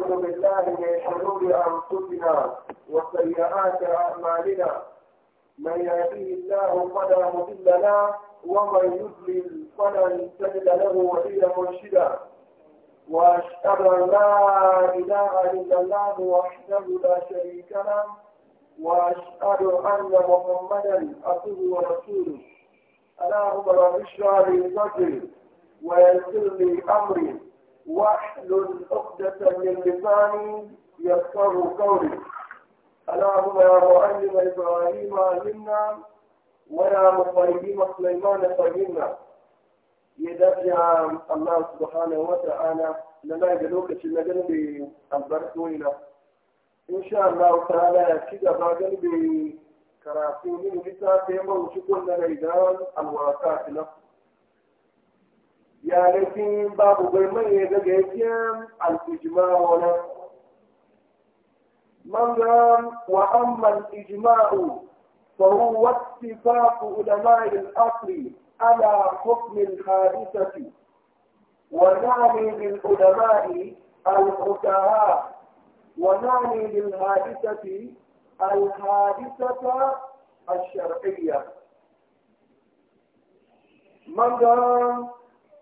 نعوذ بالله من شرور أنفسنا وسيئات أعمالنا من يهديه الله فلا مضل له ومن يضلل فلا تجد له وليا مرشدا واشهد ان لا اله الا الله وحده لا شريك له واشهد ان محمدا عبده ورسوله اللهم رب اشرح لي صدري ويسر لي امري واحلل عقدة من لساني يفقه قولي اللهم يا معلم إبراهيم علمنا ويا مقيم سليمان فهمنا يدافع الله سبحانه وتعالى لنا يدلوك شنا جنبي البرسوينة إن شاء الله تعالى كذا ما جنبي كراسي من جسا تيمو شكرنا لإدان الواقع في نفسه يعني باب غير يبقى يتيم الإجماع ولا من قام وأما الإجماع فهو اتفاق علماء الأصل على حكم الحادثة ونعني بالعلماء الفقهاء ونعني بالحادثة الحادثة الشرعية من قام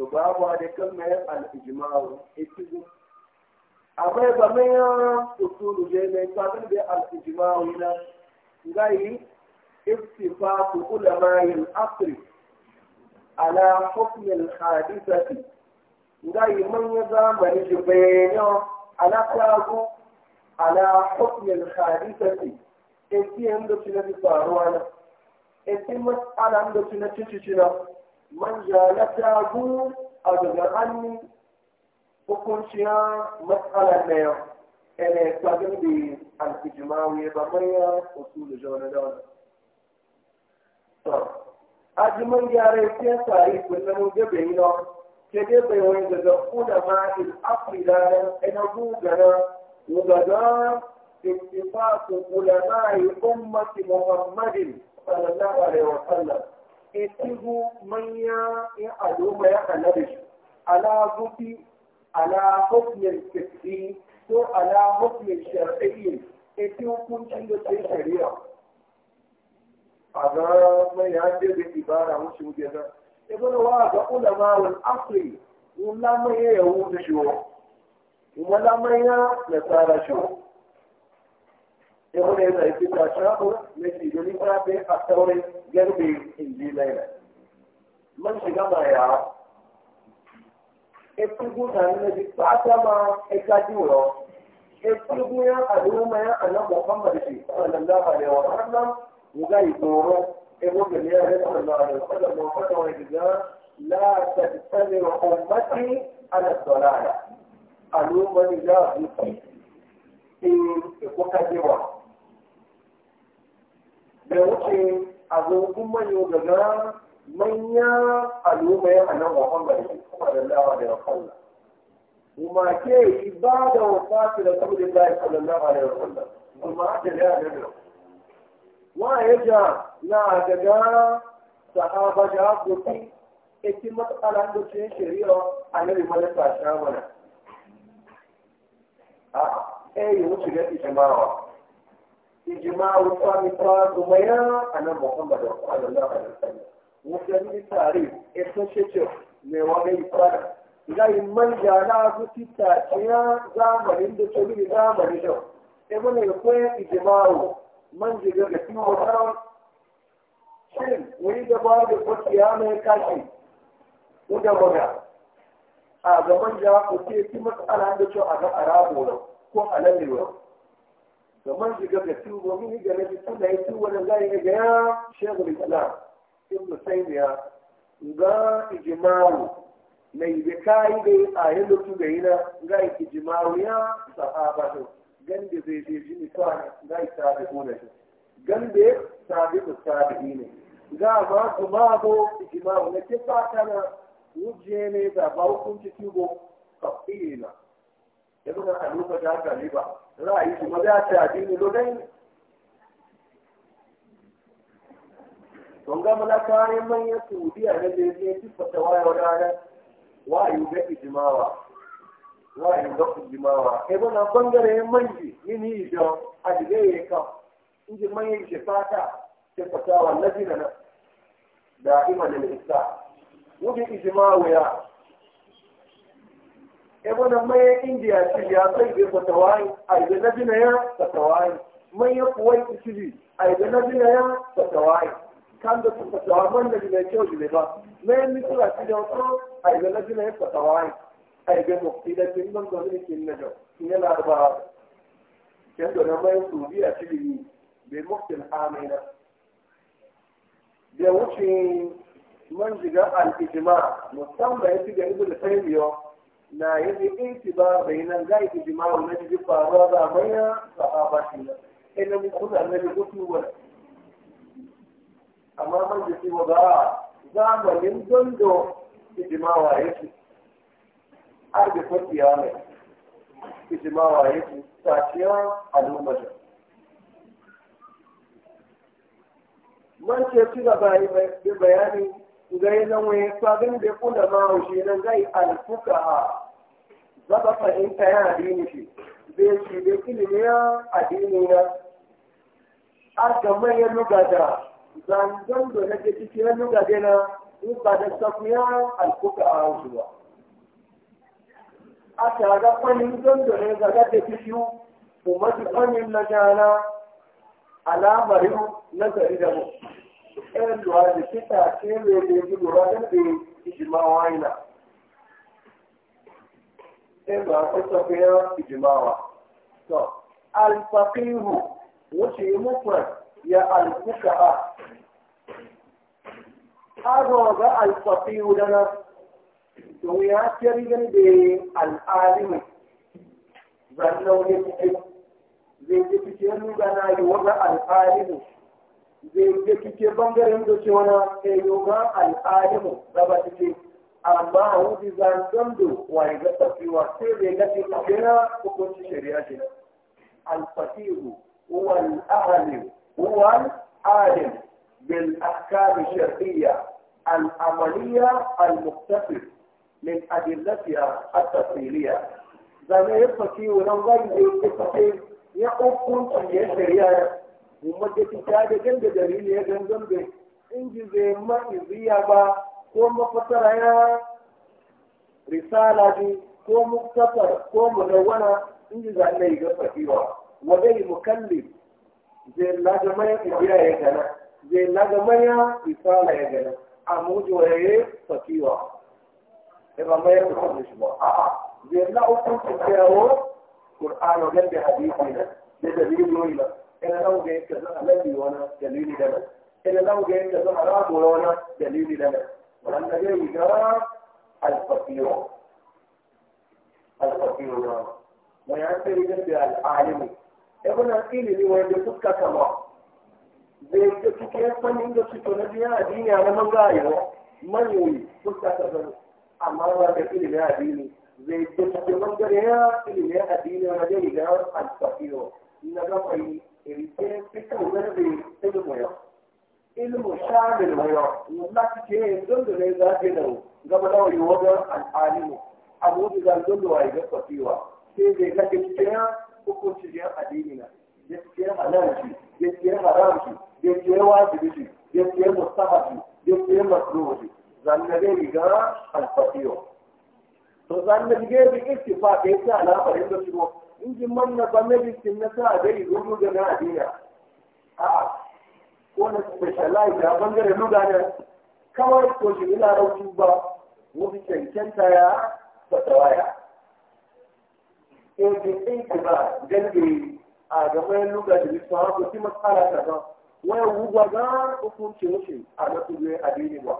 to babu da kalmar al-ijma'u ikizu amma ba ya usulu je mai fatan da al na gai ittifaq ulama'i al-asr ala hukm al-hadithati gai man ya zamani shi bayanan ala kago ala hukm al-hadithati in ci yanda shi na faruwa na in ci mas'alan da shi na cici na من جاء لك أقول أدغاني فكل شيء مسألة ميا إلى تقدم بالإجماع ويبقيا أصول جوندان أجمل يا ريتيا ساري كنا موجبين كده بيوين جزء أولى ما في الأفريدا إن أبوغنا وغدا اتفاق علماء أمة محمد صلى الله عليه وسلم etihu manya ya aluma ya annabi ala zufi ala hukmin fitri ko ala hukmin shar'iyyin eti hukuncin da sai shari'a a ga mai ya ce da ibara wuce wuce na ibn wa ga ulama wal asri ulama ya yawo da shi wa ulama ya nasara shi ya kuma yana yi fita shafu na ke domin kafin a saurin garbe inji laila. Man shiga ma ya ɗaukugu na nuna ji fata ma ɗaukuka jiwuro. ɗaukugu ya aduru ma ya anan bakon barshe a wannan dafa da yawa har nan muga yi tsoro ebo da ne ya rasa da ma'a da kwada ma kwada wani diga la ta tsare wa ummati ala dalala. Alu mani ya zuki in ekwaka jiwa. da wuce a zo kuma yau daga manya a al'umma a nan wa kan bari kuma da lawa da kalla kuma ke ibada wa fasi da saboda Allah sallallahu alaihi wa sallam kuma da ya da wa ja na daga sahaba da gobi ita matsala da ce shari'a annabi eh, malaka shawara a ɗaya yi wuce da ita marawa ijma'u samiqa zumaya anan muhammadu sallallahu alaihi wasallam musulmi tare esun eh, shece mai wani ifrada gai manja na zuci taciya zamanin da ce mini zamani da ebe ne kwaye ijma'u manja ga gafi wata shin wani da ba da kwaciya mai kashi Uda maga a ga manja ku ce ki matsala da ce a ga arabu ko alalewa kamar shiga ga tubo mini ga na bisu da ya tubo da zai yi ga ya shekul islam ibn taymiya ga ijma'u na ibe kai da a yanda tu yi na, ga ijma'u ya sahaba to gande zai je jini kwana ga sahabi ona shi gande sahabi ko sahabi ne ga ma kuma ko ijma'u na ke fata na wuje ne da ba hukunci tubo kafina ya buga kalufa ta za a yi kuma za ta addini lokaci tonga mala kayan manyan saudiya na zai ci fata waya wa ranar wayu ga ijimawa wayu ga ijimawa kai bana bangare manji yini yi a dige ya ka inji manyan ke fata ke fata wa lajina na da imanin isa wuce ijimawa ya ebona mai indiya ci ya sai ke fatawai ai da nabi na ya fatawai mai ya kuwai ci ai da nabi na ya fatawai kan da su fatawa man da ne kyau ne ba mai ni kula ci da wato ai da nabi na ya fatawai ai da mufti da kin ban gwamnati kin na da kin na da ba kan da mai su biya ci ne bai mufti amina da wuce man jiga al-ijma musamman ya ci da ibu da na yi inci ba bai nan ga iki jima'u na jiji faruwa ga manya sahaba shi na ina mu kuna na jiji kutuwa amma man jiji wa ba zamanin dondo ijimawa yake arbi kwanciya mai ijimawa yake saciya al'ummar man ce ci gaba yi bayani zai zama ya sabin da kula ma shi nan zai alfuka ha zaba fahimta ya addini shi zai shi da ilimi ya addini na a mai ya luga da zangon da na ke cikin ya luga da na in ba da safu ya alfuka a hausu ba aka ga fanin zango ne zaga da kishi kuma su kwanin na jana alamarin nazari da mu ẹlò àdìsíta tí ń lè lè ju lòrá lẹ́bi ìjìmọ̀ àwọn àyìnà. ẹlò àkọ́sọ̀ fi hàn ìjìmọ̀ àwọn. tọ́ alifakiru wọ́n ti mú pẹ̀ ya alifuka a. Agon ga alifakiru dana. Domin ya kiri gani da al'alimi. Zannan wani kuɗi. Zai ji fice nuna na yi wani al'alimi. zai cike bangaren da ke wana ke eh, yoga al'alimu gaba take amma a wuce zancen da wani ga tafiwa sai zai ga ce kira hukunci shari'a ce alfasihu wal al'alim wal al'alim bil ahkam shari'a al'amaliya al muktafi min adillatiha at-tafsiliyya zama ya fasihu nan gani ya fasihu ya hukunci shari'a da ta da gan da dalili ya gangan da inji zai ma'iziya ba ko mafatara ya risala ne ko muktasar ko munawwana inji za a yi gafa kiwa wadai mukalli zai laga maya ibiya ya gana zai laga maya risala ya gana a mujo ya yi fakiwa ya ba maya da kwallo shi ba a'a zai la'ukun su kyawo Kur'an wajen da hadisi na da dalilin yoyi na ina za mu ga yadda alabi wani dalili da nan ina za mu ga yadda wani dalili da nan wanda zai yi ga alfafiro alfafiro na wani an sai rigar da al'alimi ibn al-ilimi wanda fuska kama zai ga cikin fannin da suke na biya addini a na mangayewa manyoyi fuska kama amma ba da ilimi addini zai ga cikin mangarewa ilimi addini wanda zai yi ga alfafiro na gafayi ilke fikin zarbe ilmu yau ilmu shamil wa kike don da zai zafi da gaba da wani wajen al'alimu abu da zan don wa ga sai zai ga gaskiya hukunci jiyar addini na gaskiyar halarci gaskiyar haramci gaskiyar wajibi gaskiyar mustahabi gaskiyar masruhi zannabe riga alfafiyo to zannabe ga ka ittifaq yasa na da shi injin man na ba medicine na sa dai rubu da na adina a ko na specialize a bangaren luga ne kawai ko shi ina rautu ba wani cancanta ya fatawa ya ejin ɗinki ba eh, galibi a gaban luga da bisa haku ti matsala ta ba wani wugwa ga hukunci wuce a na tuzo adini ba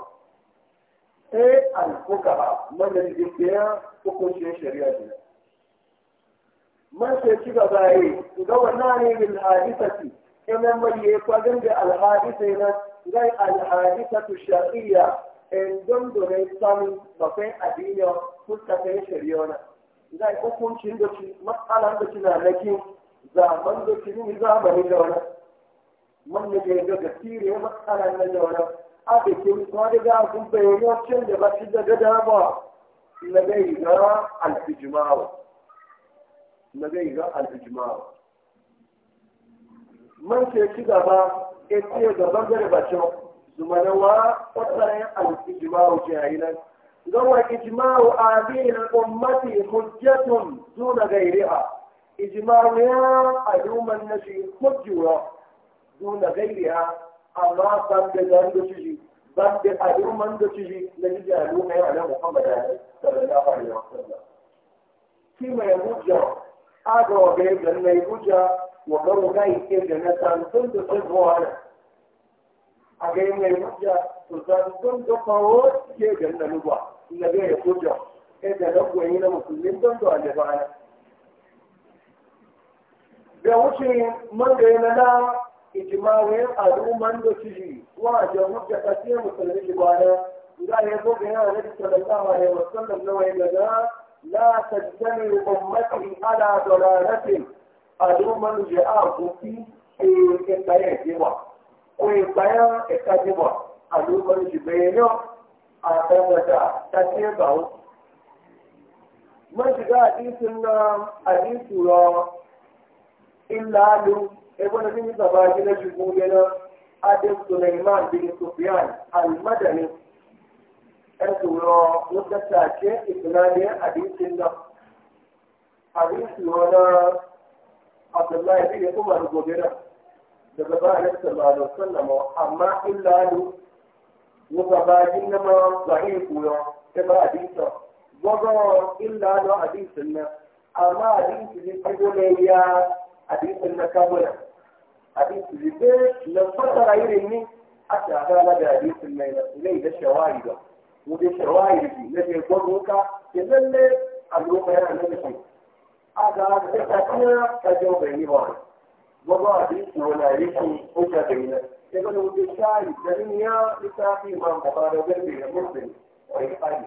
sai eh, alfuka ba mana da hukuncin shari'a ne man sai ci gaba yi ga wannan ne bil hadisati kuma mai ya kwadin da alhadisa yana gai alhadisatu shar'iyya in don ne samun bakwai adiniya fuska ta yi shari'ona ga hukuncin da ci matsalan da na nake zaman da ci ni zamani da wannan man ne ke ga tsire matsalan na da wannan a da ke kwadi ga kun bayyana can da ba shi daga dama na gai ga alfijimawa na zai ga al'ijima man ke ci gaba e ce gaban gare bacin zumanawa kwatsarin al'ijima wuce yayi nan gawa ijima'u amin ummati hujjatun duna gairiha ijma ya al'umman nashi hujjura duna gairiha amma ban da zan da shi ban da al'umman da shi na ji al'umma ya nan muhammad sallallahu alaihi wasallam kima ya hujjara aga oge ga nna ibuja wagaro ga ike ga na tantun da sun buwana a ga yin ibuja to tantun da fawo ke ga na lugwa na ga ya e da na gwayi na musulmin don da alibana da wuce man ga yana na ijimawin al'umman da ciji wa jamhurja ta ce musulmi ibana za a yi gobe yana da sallallahu alaihi wasallam na wani لا تجتمع أمتي على ضلالة أدوما جاءه في إباية جوا وإباية إكاجوا أدوما جبينيو أتمنى تتيبعو من شجاع حديثنا حديث يرى إلا لو ابن ابن زباجنا جبولنا أدب سليمان بن سفيان المدني أدورا وتساكي إبناني حديث الله حديث هنا عبد الله بن عمر قبره لقبائل صلى الله عليه وسلم أما إلا له وقبائل ما ضعيف ويا كما حديثه وقال إلا له حديث الله أما حديث لتقولي حديث النكابرة حديث لتقولي لفترة إلي حتى هذا حديث الليلة الشواهد وبشوائده التي يضرك تذل أدوك يا نبي هذا تفكير تجوب النظام وضعه ولا يكون أجابينا يقول وبالشاي الدنيا لتاقي ما مقال وقلبي المسلم ويقال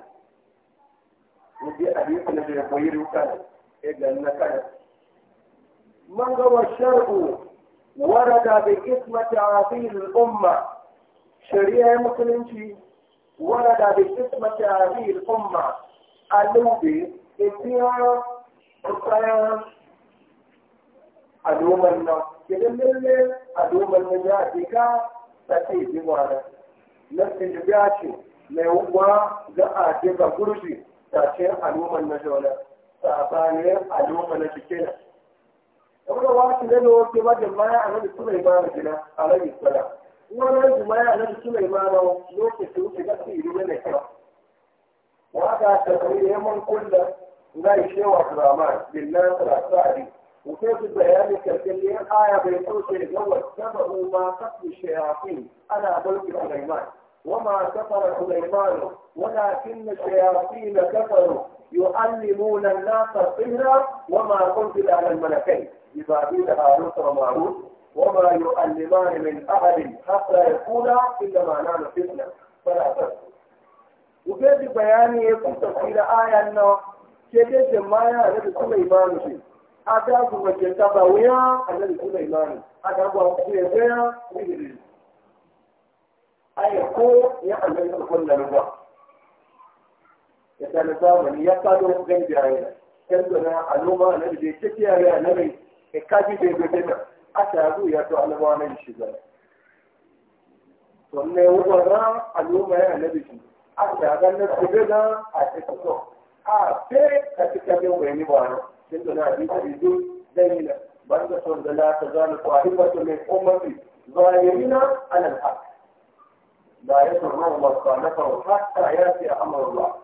ودي أبيك الذي يقول وكان إذا نكان من هو الشرع ورد بإسمة عظيم الأمة شريعة مسلمتي Wannan da ya fi cikin matafiyin fomba allo biyu, ina da kuma kuma bayan al'ummar nan. Jirgin lalle al'ummar nan ya zika a cikin wani. Nasiru ya ce mai wuƙa za'a ji ga kurɗi ta cikin al'ummar na Saude. Saka bani ne al'ummar na ke kenan. Yau baya a cikin kula ya bada a zai yi wannan jumaya na jiki mai mano lokacin wuce ga su yi mai kyau waka ta kai neman kulla na ishe wa turama billan rasari وكيف بيان كالكلية آية بيقول شيء واتبعوا ما قتل الشياطين أنا ملك سليمان وما كفر سليمان ولكن الشياطين كفروا يعلمون الناس السحر وما أنزل على الملكين ببابيل هاروت وماروت وما يؤلمان من أحد حتى يقولا ما نحن فتنة فلا تكفر وكيف بياني يكون تفصيل آية أنه كيف ما يعرف كل إيمان شيء أتاك وجدت ويا الذي كل إيمان أتاك وقتي ويا ويجري أي هو يعمل كل الوقت يتنظام يقعد غير بعينه كندنا علومة نبدي كتير يا نبي الكاتب يقول أتابوا يتعلمون الشباب sannan wuraren al'umma ya nabi shi a shagar na kube na a cikin so a ce ka ci kaje wani ba na sun da na bi tabi duk dani na ban da son da la ta zani ko a hibatu mai ummati zahirina alal haq la yasurru ma sanafa hatta yati amrullah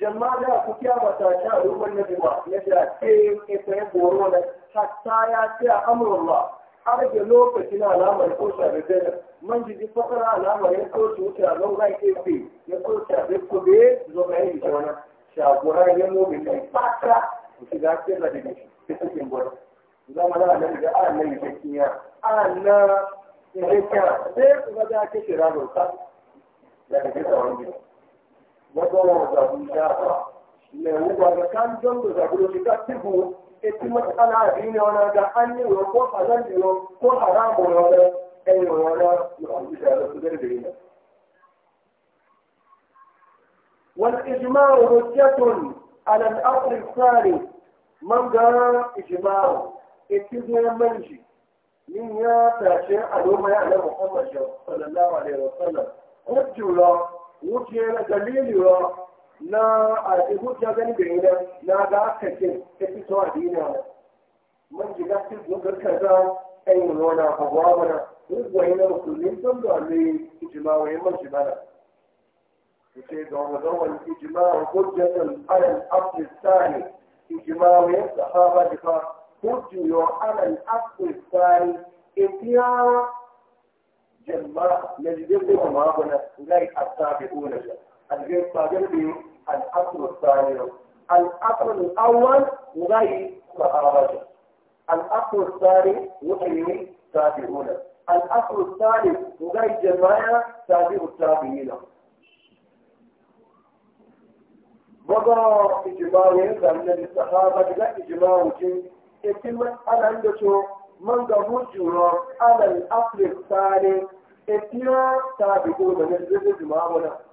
jama'a da ku kiyama ta sha ruwan nabi ba ya ce ke ke sai goro na حتى يأتي أمر الله أرجو لو كتنا على ما يقول شعبنا من جدي فقر على ما يقول شو شعبنا وغاي كيفي يقول شعبك كبير زوجين جوانا شعبنا يمو بيتنا فاكرة وكذا كذا بيجي تسكين بورا زمانا نرجع أنا يجيكيا أنا يهيكا سيف وغدا كشرا لوكا يعني كذا وانجي وضوء وضوء إن شاء الله لو بعد كان جنب زبون كتبه eti matsala a bi ne wani ga hannu yau ko hazan da yau ko hazan ko yau da ɗan yau yau da ma'amuta da su gari da yi na. Wani ijima rojiyatun alal afirkari man ga ijima eti zuwa a ya na a hujja gani da yana na ga aka ce ta fi tawa dina ji shiga ci zuwa kaza ai mun wana abuwa mana hujja yana musulmin sun da ne ijma wa yamma shi bana kace ga wannan wani ijma hujjatan ala al-asl al-thani ijma wa sahaba da fa hujju ala al-asl al-thani itiya jama'a najidin kuma ma bana ngai asabi una jama'a الجنس قادر به الأصل الثاني الأصل الأول مغاي صحابته الأصل الثاني وحي تابعون الأصل الثالث مغاي جماعة تابع التابعين بقى إجماع ينزل من الصحابة لا إجماع وجه إتمت على عنده من قبول على الأصل الثاني إتيا تابعون من الجماعة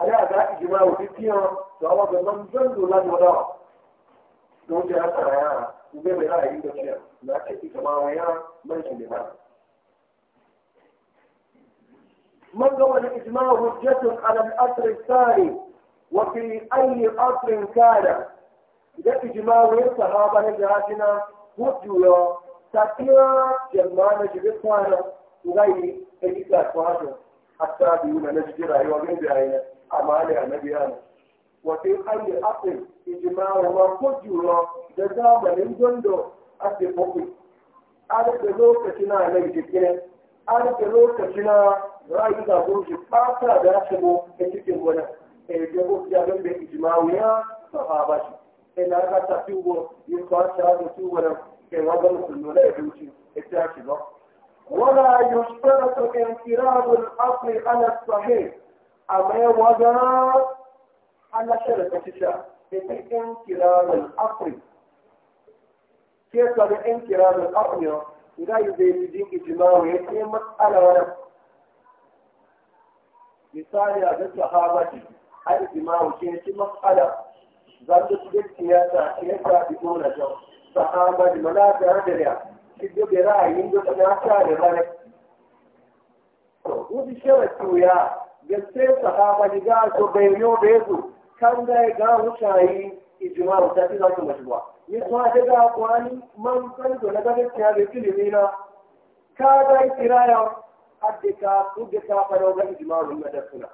أنا ذا إجماع وفكية فهو بمن ظل لا يرى لو جاء ترى وبين لا يجد شيء لكن كما ويا من شلنا من هو الإجماع حجة على الأثر الثاني وفي أي أثر كان إذا إجماع الصحابة نجاتنا حجة تكيرا جمعنا جبتنا وغير إجتاج فاجر حتى بيونا نجد رأيوا من بعينه ana annabi yana wa anyi hayy aqil ijma'u wa kujura da zamanin gondo ake kofi alaka lokaci na nan jikin alaka lokaci na ra'ayi da gurbi fata da shigo a cikin gona eh da ko ya ga da ijma'u ya sahaba shi eh na aka ta tuwo yin ka ta da tuwo da ke wadan kullu da yuci ita shi ba ولا يشترط انفراد الاصل amma ya waga Allah shi da kafisha da ta in kirarin ke sabi in kirarin afri ga yi zai yi jin ijimawa ya ce matsala wani misali a ga sahaba ce a ijimawa ke ci matsala za ta ci siyasa ya sabi dole jau sahaba da malaka da ya ci gobe ra'ayin da ta ta da bane. Wani shirin tuya gaske sahaba ni ga so bai yo bai su kan da ga mutayi ijma'u ta fi zaka mashruwa ni to da ga qur'ani man san da daga gaskiya da ilimi na ka ga kiraya addika kudda ka fara ga ijma'u na da suna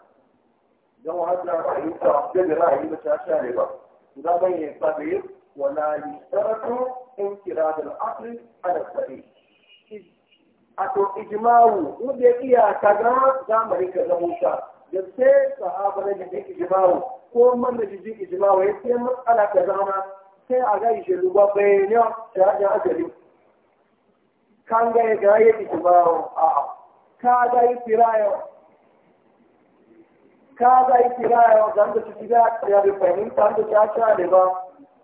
dan wannan ayyuka da ra'ayi ba ta share ba da bayyana sabi wala yustaratu in kirada al-asl ala al-sahih a to ijma'u wanda ya iya kaza zamani ka zama wuta da sai sahaba na jijin Ijimawu. ko man da jijin Ijimawu ya sai matsala ka zama sai a gai shi ruba bayanan shahadin ajali kan ga ya ga ya ijma'u a ka ga ya firayo ka ga ya firayo zan da shi ga ya bi fahimta da ta ta da ba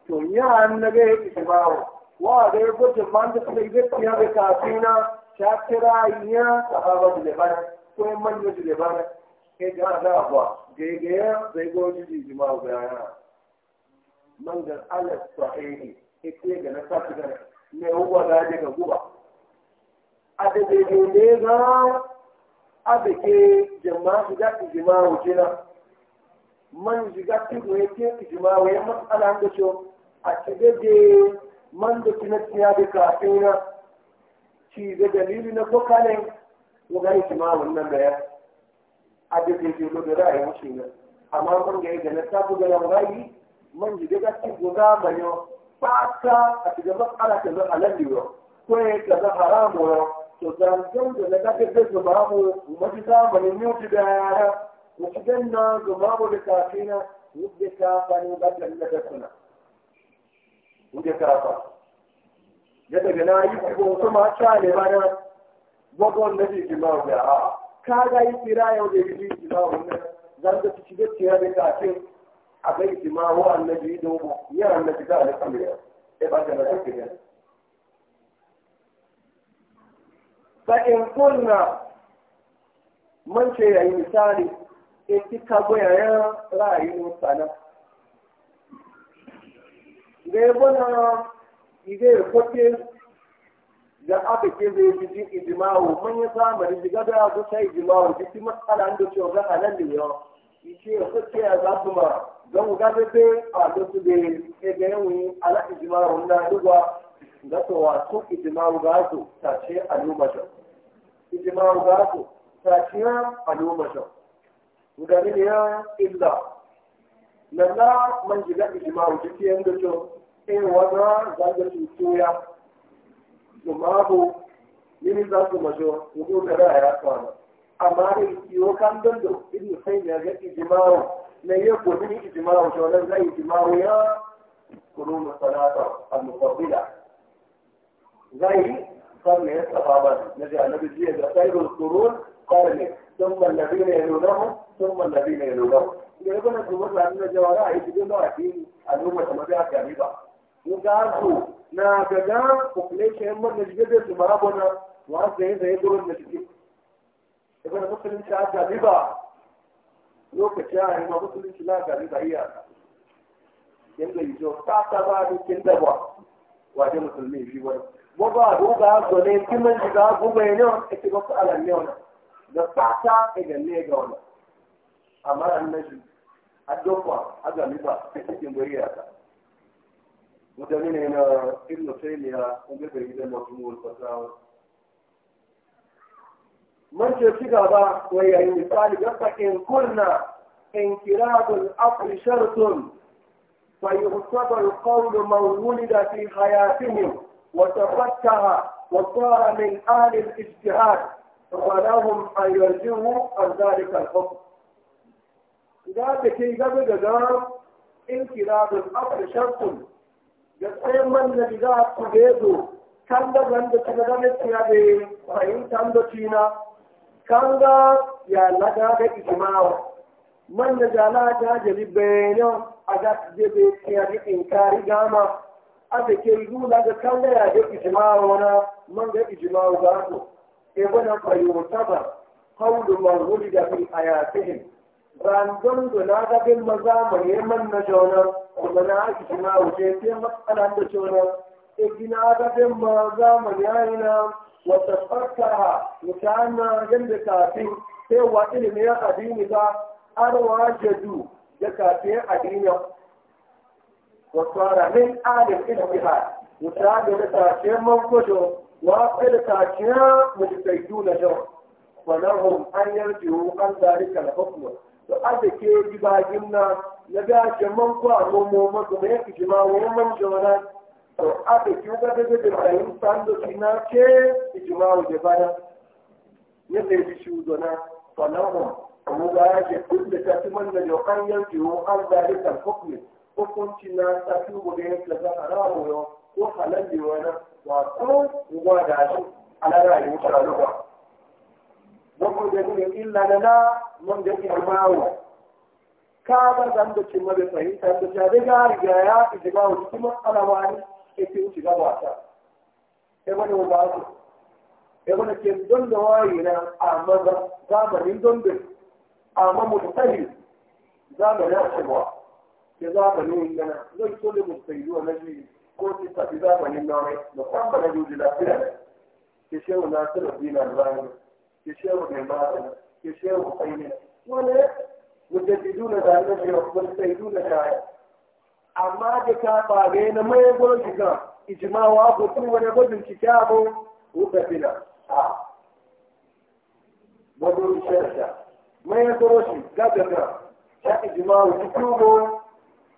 to ya annabi ya Ijimawu. wa ga ya gudun man da sai zai ya ga kafina ta shakira ya sahaba da lebar ko yin manyan da lebar ke ga da ba gaigaya zai goji jijima ga yana man da alas sahihi ite ga na sa ga ne uwa da daga guba a da daidai ne ga a da ke jama'a shiga jijima jina man shiga tudu ya yake jijima wa ya matsala da shi a cike da man da kinatiya da kafin na ci da dalili na ko ne mu ga ma wannan da ya a da ke jelo da mu shi ne amma kun ga yadda na tafi da rai man ji daga ci guda mai yau fata a cikin ala ta zan halalli yau ko ya ka zan haramu yau to zancen da na gafe da zuwa mu mafi mu ji da ya mu ci ganna zuba mu da kafina yadda ta fani da ta da suna. Wuce fa. ya daga na yi ko kuma ta ne ba na gwagwan na ji jima ga a ka ga yi tsira yau da yi jima ne zan da ci da tsira da kafin a ga jima wa annabi da mu ya annabi da alƙamira e ba ta na tafiya fa in kunna man ce yayi misali in kika ya ra'ayin sana. Gaya bana ide ya kwace da aka ke zai ji ji ijimawo manyan zamani ji gada ya zuta ijimawo ji matsala da cewa ga halan da ike ya kwace ya za su ma zan ga bebe a da su da ya ga yawon ala ijimawo na duba ga tsawa su ijimawo ga su tace al'ummashin ijimawo ga su ya illa lalla man ijimawo ji sai wana zaga tutuya su mabu yini za su majo hudu da raya ya kwana amma da yiwu kan dando ibi sai ya ga ijimawo na yi gobe ni ijimawo shi wani zai ijimawo ya kuru na salata al-mufaddila zai قرن الصحابة نجي النبي جيه خير القرون قرن ثم الذين يلونهم ثم الذين يلونهم يقول لك مثلا أن جوارا عيد الله أكيد الأمة ما بها كذبة mugazu na gaga population man da jibe wa zai gurin da jiki ga riba lokaci a yi ma musulunci na ga riba iya yanda yi jo ta ta ba da kin da ba wa musulmi shi wani mo ba do ga zo ne kin man ga go ne no ake ba ala ne ona da ta ta ga ne ga amma annabi goriya وتمين هنا ابن تيمية ومبر إذا مجموع الفتاوى من شرشك هذا وهي مثال قلت إن قلنا انفراد الأصل شرط فيعتبر القول من ولد في حياتهم وتفكه وصار من أهل الاجتهاد فلهم أن يرجعوا عن ذلك الحكم إذا كي قبل انكراد الأصل شرط gaskiyan man da za a kube zo kan da wanda ta gaba ne tuna da fahimtar da tuna kan ga ya laga da ijimawa man da jala ta jali bayanin a za su je bai tuna da inkari gama a da ke zula ga kan da ya da ijimawa na man da ijimawa za su e wani fahimta ba kawulun marhuli da fi ayatihim randon da na gabin maza mai man na jonar kuma na haka kina wuce sai matsala da cewa ikina eh, ga bin ma zamani yana wata farka mutana yadda kafin sai wa ilimin ya addini ba arwa jadu da kafin addini wasara min alim ijtihad mutane da kafin mankojo wa da an yarji'u an dhalika al to ada ke ji bagin na na ga ke man ko a momo ma ko me ki ma wo man jona to ada ki ga da da da yin san do kina ke ki ma wo je bana ne ne ji shi do na to na ho mu ga ya ke kun da ta man da yo an yan ki wo an da ri kan hukmi hukunci na ta ki wo ne ka ga haramu yo ko halal di wana wa ko ngwa da shi ala rayuwa ta ruwa mun da ne illa na na mun da ke mawo ka ba zan da cin mabe fahimta da ta daga riga ya iji ba wani kuma ana wani ke fi shiga ga wasa Ya wani wa ba su e wani ke don da waye na amma ba zamanin don da amma mutane zamanin akwai ke zamanin yana zai so da mutane na shi ko ci tafi zamanin na mai musamman na juji lafiya ke shehu na su da dinar zamanin يشير بمال يشير بقيمة ولا مجددون ذلك والسيدون شاعر amma da ka bare na mai gwamnati kan ijimawa ko tun wani gwajin cike abu wuka fina a wajen sharsha mai gwamnati ta ijimawa ta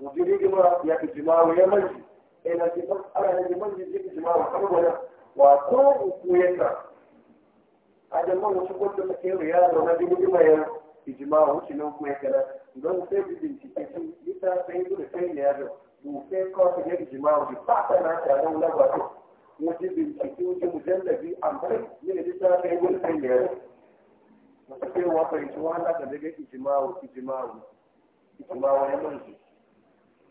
وجري جماعة يا إجماع ويا منجي إن الجماعة أنا منجي يا إجماع وكبرنا وأكون هذا ما هو شغل تفكير يا لو نجي جماعة إجماع وشنو كويكا don sai da bincike shi ita sai da sai ne ya mu sai kawai ya ijima mu ba ta na ta don lagwato mu ji bincike mu ji mujallabi amfani ne da ita sai mu sai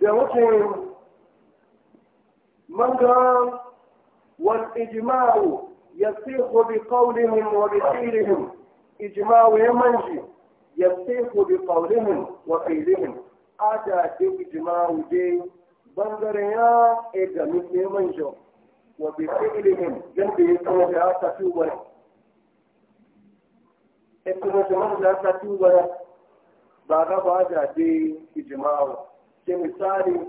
da wucin manga wal ijma'u yasihu bi qawlihim wa bi qilihim ijma'u ya manji yasihu bi qawlihim wa qilihim ada de ijma'u de bangare ya e ga mi ne manjo wa bi qilihim dan ya ta tu wa e ko ne ba ga ba ja de ijma'u ke misali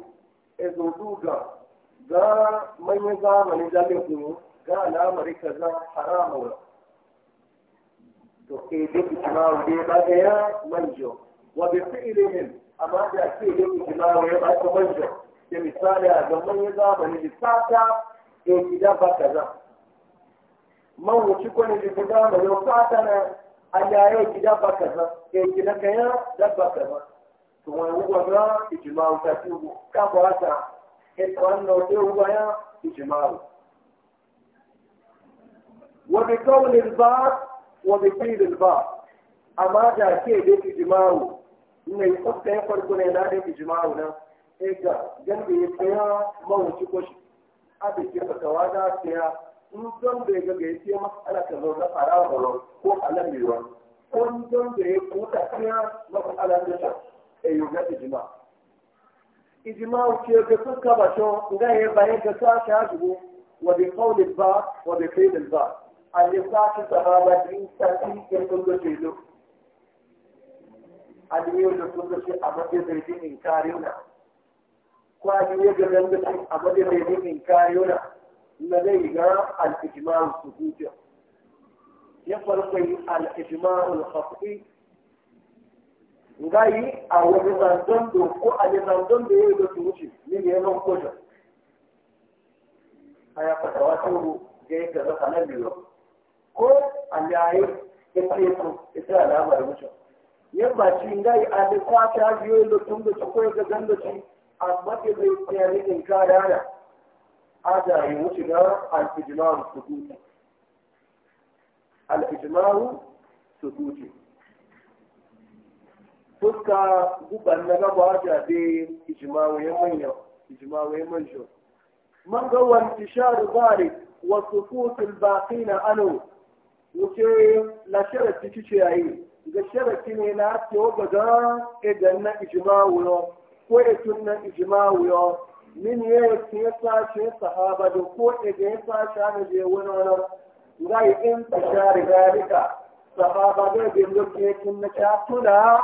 ezoduga ga manyan zamani jami'in kuma ga al'amari ka za haramu to ke da ikimawa da ya baga ya manjo wa bi fi'ilihim amma da ke da ikimawa ya baga manjo ke misali a ga manyan zamani da sata ke gida ba kaza man wuce kwani da gida mai sata na a yayin gida ba kaza ke gida kaya dabba kaza wọn wúwo iji ìjùmọ̀ àwùjọ tí wù káàbọ̀ àjà ètò àná ọdẹ wúwo ayá ìjùmọ̀ àwù. wọ́n ti kọ́ wọlé lùbá wọ́n ti fi lùbá àmọ́ àjà kí èdè ìjùmọ̀ àwù ní ìfọ̀tẹ́ kọ́dùkọ́ náà ìlànà ìjùmọ̀ àwù náà ẹ̀gà gẹ́gẹ́ ya in don da ya gaga ya mas'ala ka zo na fara ko alam eyuga ijima ijima ukiweke kuka basho ngaye baye gasa shajibu wa bi qawli ba wa bi fi'l ba alifati sahaba din sati ke kullu jilu adiyo da kullu shi amade zai din inkariuna da na zai ga al ya farko al ijma' al ngayi a wani zanzan da ko a ne zanzan da ya yi da su wuce ni ne yanon kojan a ya fata wata wuru da ya gaza sanar biyu ko a yayi ya ce su ita alamar wuce yan ba ci ngayi a ne kwata biyu da tun da su ko ya gazan da ci amma ke zai tsayari in ka yara a da yi wuce na alfijimaru sukuti alfijimaru sukuti fuska guban na gaba da be ijmawai manjo man ga wan tisharu zalik wa sufutul baqina anu wuce la sharati ce yayi ga sharati ne na ce wa ga idan e na ijmawo ko e tunna ijmawo min ye ce ta ce sahaba da ko e ga ta ta ne je wani wani ngai in tisharu zalika sahaba da e ga wani ne na ta tuna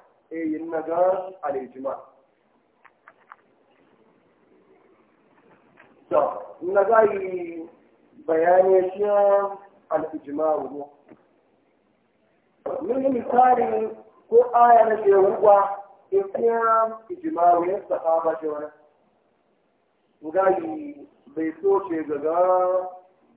e yin ga alijima to na yi bayani shi alijima wuro mun misali ko aya na ke ruwa ikiya ijima wurin sahaba ce wani gayi bai so ce gaga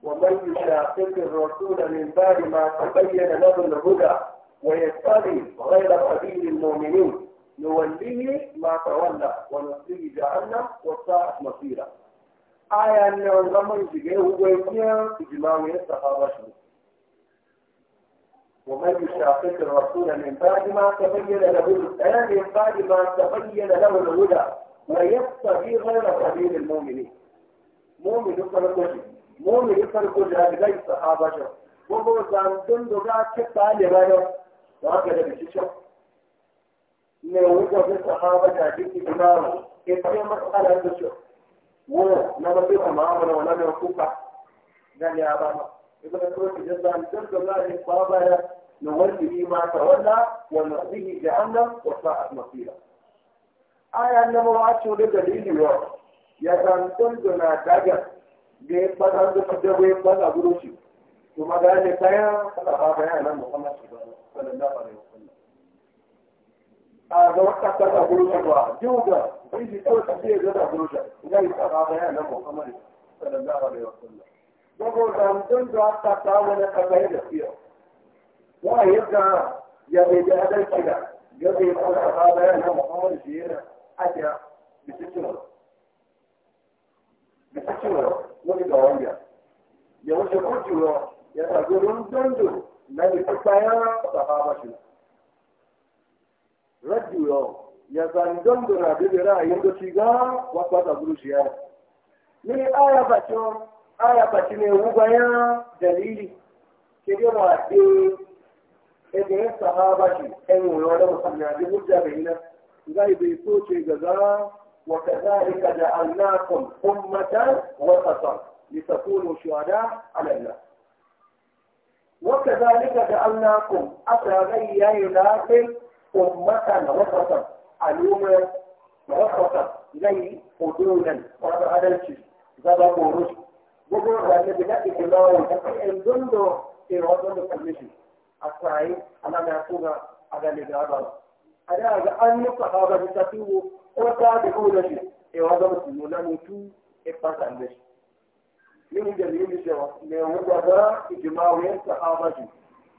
ومن يشاقق الرسول من bayyana ما تبين له الهدى ويتقي غير سبيل المؤمنين نوليه ما تولى ونصليه جهنم وساءت مصيره آية أن الغمر يجيه هو يكون إجمام الصحابة ومن يشاقق الرسول من بعد ما تبين له الآن من بعد ما تبين له الهدى ويتبع غير سبيل المؤمنين مؤمن يصل وجه مؤمن يصل وجه هذه الصحابة وهو زان زندن دقاء كتا لغيره da aka da bishi can ne wuce wani sahaba da ake ke kuma ke fiye matsala da shi na ba ke kuma amma kuka da ne aba ma ibn al-qurti da zan san da Allah ya kwaba ya na wani ma ta wanda wa nasihi jahannam wa sa'at masira aya na mu wa da dalili wa ya san tun da daga da ya fada da ya fada guru ثم ذلك يا صدق بيانا محمد صلى الله عليه وسلم هذا وقت صدق بروجة الله جوجة بيجي تقول تبديه جدا بروجة إذا صدق بيانا محمد صلى الله عليه وسلم نقول لهم تنزل حتى تعاون قبائل فيها ويبقى يبي هذا الكلام يبي يقول صدق بيانا محمد شيئا أتى بسجنه بسجنه وقت أولياء يوجد كل جوار ya tafi rundundo na biki bayan sahaba rajiyo ya zandon da rabi da da shiga wasu wata gurushiyar ni aya bacin aya bacin ne wugaya dalili ke dai wa ɗe ɗaya yin sahaba shi ɗan yiwuwa da musamman da hujja bai nan zai bai so ce ga za وكذلك جعلناكم أمة وسطا لتكونوا شهداء على الله وكذلك جعلناكم أسرائيا يناسب أمة وسطا علوما وسطا زي حدودا وهذا هذا الشيء زبق ورشد بقول أن بناء الله وتقيم ذنبه في وضع المسلمين أسرائيل أنا ما يكون هذا اللي جابه أنا أن الصحابة تتوه وتابعون شيء في وضع المسلمين لم يتوه إبقى المسلمين من دليل سوى لوجد إجماع الصحابة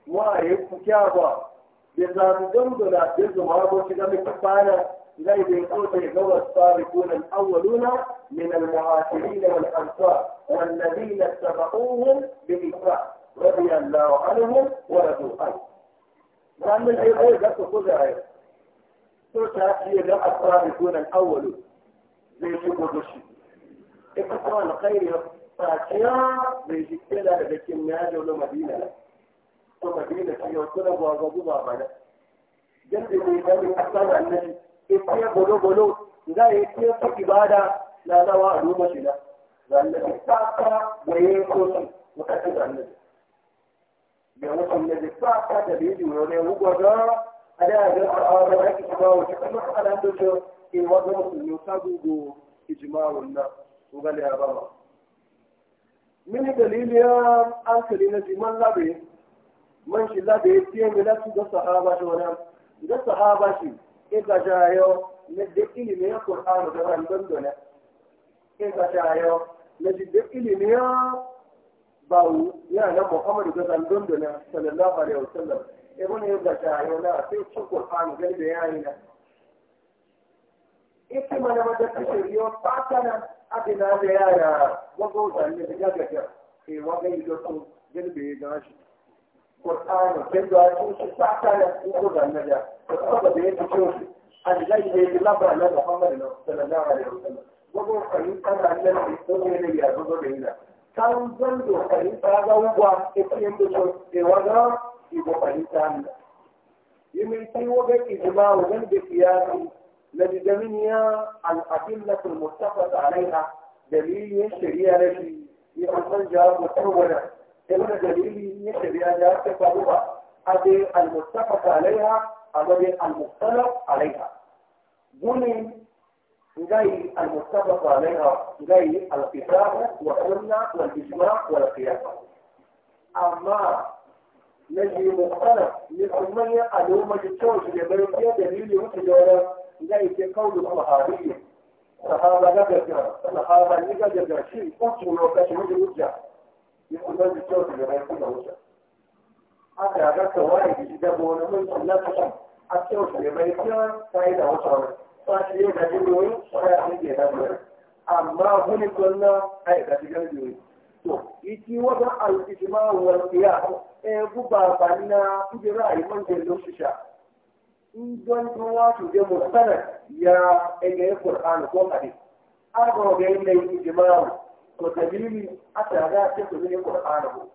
وأيه كتابة بزام دمدل عبد وابو شدام كفانا إليه بيقول هو السابقون الأولون من المهاجرين والأنصار والذين اتبعوهم بإحسان رضي الله عنهم ورضوا عنه. وأن العباد تقول عليه. تشهد هي لو السابقون الأولون زي شو بقول الشيء. إقصان خير sakiya bai shi da daga kin ya jauna madina na to madina shi yau suna gwaza guba bana yadda mai gani a san annabi ya fiye bolo-bolo za ya yi fiye ibada na nawa a duba shi na zannabi ta ta da ya yi sosu lokacin zannabi da wasu da ta ta da bai jiwo ne hukwaza a da ake shiga wa cikin masu alamun da ke gugu من دليل يا أنكر الذي من لبي من شيء لبي تيم لا تجد صحابة ولا تجد صحابة شيء إذا جاء يوم ندقي لي من القرآن ولا من دونة إذا جاء يوم ندقي لي من باو يا نبي محمد ولا من دونة صلى الله عليه وسلم إبن إذا جاء لا في شكر القرآن قلبي يعني إيه كمان ما تكتشف يوم aka na da yara wanda wata ne da ya gajar ke wanda yi da su girbe ya shi ƙur'ani kin da su shi ta ta da su da na da ta saba da yake ciwo shi a jiga shi da labar na da fama da sallallahu alaihi wasallam wanda wata ne ta da ne da su ne da ya zo da ina kan zan da kai ta ga uwa ke cikin da su ke wanda ibo kai ta ne yi min sai wajen ijma wajen da kiyasi الذي منها الأدلة المتفق عليها دليل الشريعة في يقول جواب متولا إن دليل الشريعة لا تفعلها أدي المتفق عليها أدي المختلف عليها بني غير المتفق عليها غير القتال والسنة والإجماع والقياس أما نجي مختلف للأمية الأمة التوجه لبيتها دليل وتجارة إليه قول الصحابي الصحابة نجد الصحابة نجد شيء قلت لو كان مجد وجه يقول لازم الجوز اللي يكون وجه حتى هذاك وايد يجيبه ونمن لا تشم الجوز اللي يكون فايدة وجهه فاشي يجب يقول صحيح يجب يقول أما هم قلنا هيدا تجد to iti wajen al'ijima wa ya e guba banna kujera a yi manjan don shisha in don tuwa su je musana ya ɗaya Kur'an ko hadis an ko ga yin yi ijma'u ko dalili a tsara ta su ne Qur'an ko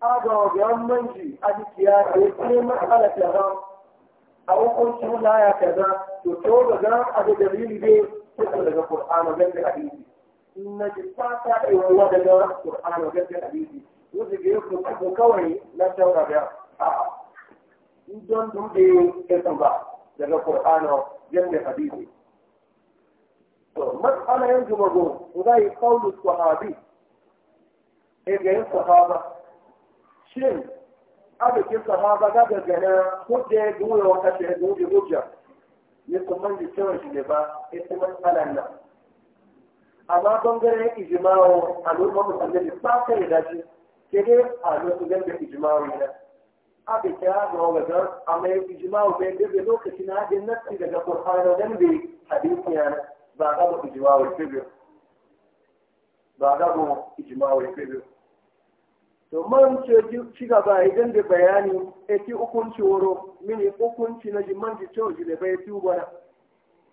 an ko ga manji a dikiya ko ce masala ta ga a hukuncin laya kaza to to ga a da dalili ne ko daga Qur'an ga hadisi na jisata da yawa e daga Qur'an ga hadisi wuce ga yau ko kawai na tauraga a'a don dum da yasan ba daga qur'ana yanda hadisi to mas'ala yanzu mago zai qawlu sahabi eh ga sahaba shin abokin sahaba ga gagana ko da ya goya wa kashe ya goya hujja ya kuma ji cewa shi ne ba kuma matsalan nan amma bangaren ijimawo al'ummar musulmi ba ta yi dace ke dai a lokacin da ijimawo ne aka kira ga wajen amma ya fi jima'u bai dabe lokaci na hajjin nassi daga kurfano don bai hadisi ya ba ga ba ijma'u ya fi ba ga ba ijma'u ya fi to man ce ci gaba idan da bayani ya ci hukunci wuro mini hukunci na jiman ji cewa da bai tuba na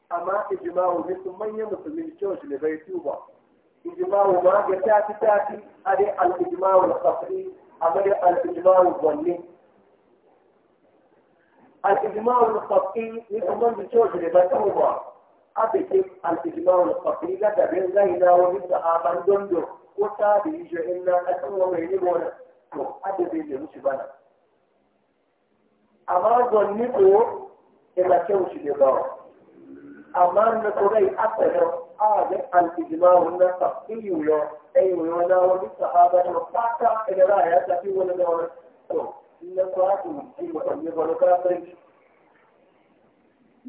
amma ijma'u ne sun manya musulmi cewa da bai tuba ijma'u ma ga tafi tafi a dai al-ijma'u al-qasri a dai al-ijma'u zalli الإجماع الخطي يكمن بشوج لبته بعض أبتك الإجماع الخطي لك بين لينا ومن آمن دندو وتابي جئنا أسوى وينبونا أبتك لنشبنا أما ظنكو إلى شوج لبعض أما نكوري أتنا آجب الإجماع الخطي يو أيوة ولا ومن آمن وقاتا إلى رأيك في ولد ولد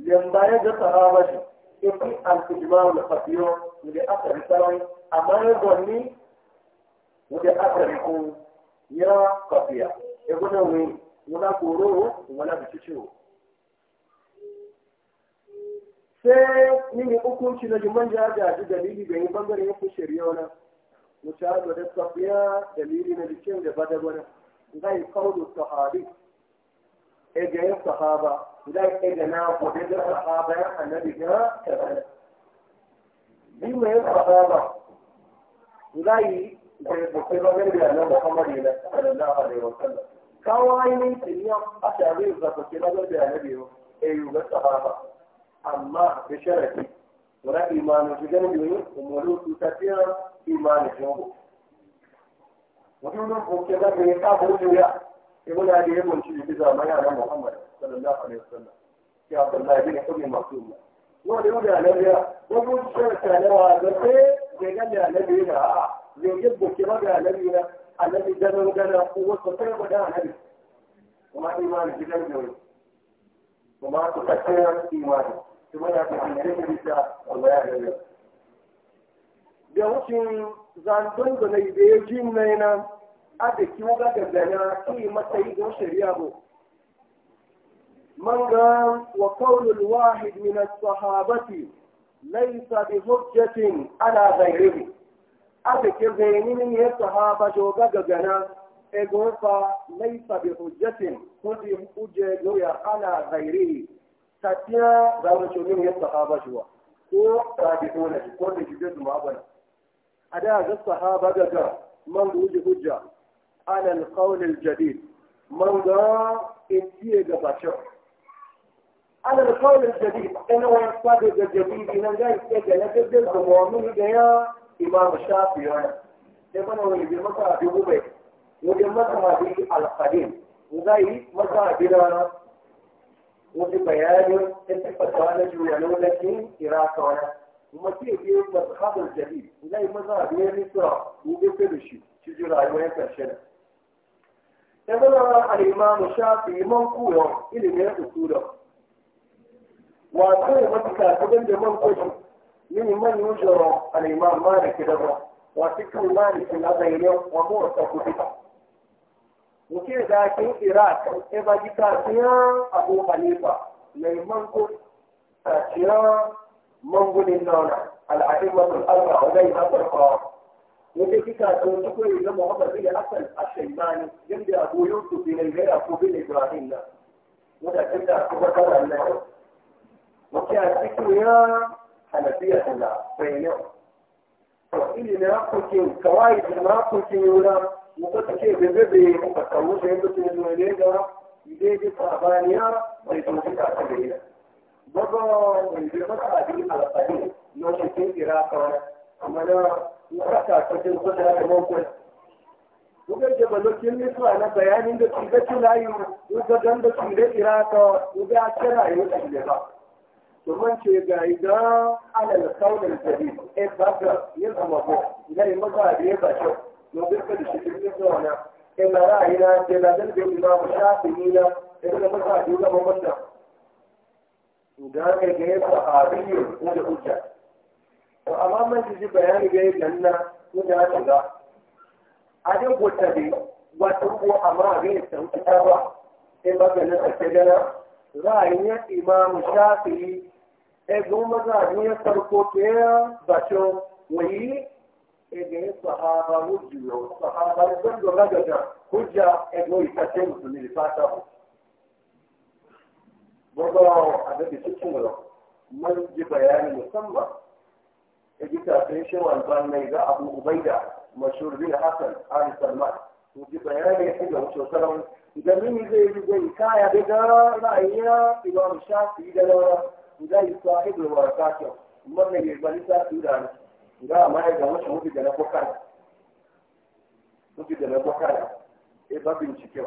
yamba ya ga sahaba shi ifi al-ijma'u da fasiyo da asali sarai amma ya gonni da asali ko ya kafiya ya gudu ne wala koro wala biciciwo sai nini hukunci na jiman jajaji dalili bai yi bangare ya fi wani da dalili na jikin da bada إلهي قول الصحابي إجا الصحابة إلهي إجا ناف وإجا الصحابة النبي جاء كذلك بما الصحابة إلهي ويقول لك أن محمد صلى الله عليه وسلم كان يقول لك أن محمد صلى الله عليه وسلم يقول لك أن محمد صلى الله عليه وسلم يقول لك أن محمد صلى الله عليه وسلم يقول لك أن محمد صلى الله عليه وسلم يقول لك أن محمد صلى الله عليه وسلم يقول لك أن محمد صلى الله عليه وسلم يقول لك أن محمد صلى الله عليه وسلم يقول لك أن محمد mutumin buke za ka yi kafa wuya ibn ali ya munci da biza mai yaran muhammad sallallahu alaihi wasallam ya abdullahi bin ummi yi wa da yuda alabiya wa mun shirka ne wa da sai da ga da alabiya da yi buke ba da alabiya alabi da gana ko wasu sai ba da alabi kuma imani gidan da kuma su kasance imani kuma da ta hanyar da bisa Allah ya rabu da wucin zandon da na yi da ya ji na yana a da kiwo ga gagana ki matsayi don shari'a bu man ga wa kaulul wahid min as-sahabati laysa bi hujjatin ala ghayrihi a da ke zainin ne sahaba jo ga gagana e gofa laysa bi hujjatin kudi hujje goya ala ghayrihi tatiya da wato ya sahaba jo ko ta bi ko shi ko da zai zuma abana أداء الصحابة دقا من وجه حجة على القول الجديد من دا انتيه قبشر على القول الجديد أنا ويصابق الجديد إن لا يستجى لكذل المؤمن ديا إمام الشافعي يعني. إبنا ويجي مصر بيقوبي ويجي مصر القديم وغاي مصر بلا وفي بيان انتفتان جوية لولا كين إراكونا mace ke mazhabar jahil zai maza da ya nisa gobe da shi shi ji rayuwa ya karshe da ya zama al'imamu shafi man koyon ilimin ya tsutu da wato ya matuka kudin da man kwashi yin man yujoro al'imamu maliki da ba wasu kan maliki na zayyar wa mawata kudi muke da kin iraq ya ba ji kasiya abu halifa mai man kwashi kasiya من بني النانا الأئمة الأربعة عليها فرقا وفي كتاب تقول إذا محمد بن حسن الشيباني جنب أبو يوسف بن الهيئة أبو بن إبراهيم وده جنب أبو بكر النهر وكان ذكر يا حنفية الله بينهم فإن ناقصين كوايد ناقصين ولا مقتكي ببيبي مقتكوش عندك من الوليدة يديك صعبانية ويتوجد أكبرية Bago yanzu maka abin alfani lokacin Iraka mana raka ta jin kuɗa da mokon. Kuka ce ba lokacin Misra na bayanin da shiga Tulayu, kuka don da shiga Iraka, kuka a kira yau shiga ba. Domin ce ga idan alal kaunar jari, e, e ba ka yin amabo, maza a biye ba kyau, domin ka Ina ra'ayina, na e zan maza a biyu gane ga yin sahabi ne ko da hujja to amma man ji bayani ga janna ko da haka ga a dai gota dai wato ko amma ga yin tsantsa ba sai ba ga nan sai ga za a yi imam shafi e goma za a yi ya farko ke ba to wai e hujja e goyi ta ce musulmi fata gwagwa a daga cikin wala man ji bayani musamman ya ji tafin shi wanzan mai ga abu ubaida mashhur bin hasan ali salman to ji bayani ya ga wato salon idan mini zai yi zai kaya daga ra'ayiya imam shafi da yi laura zai sahibu barakatuh man ne ya bani ta tura ga ma ya ga wato mutu da na kokara mutu da na kokara ya babin cikin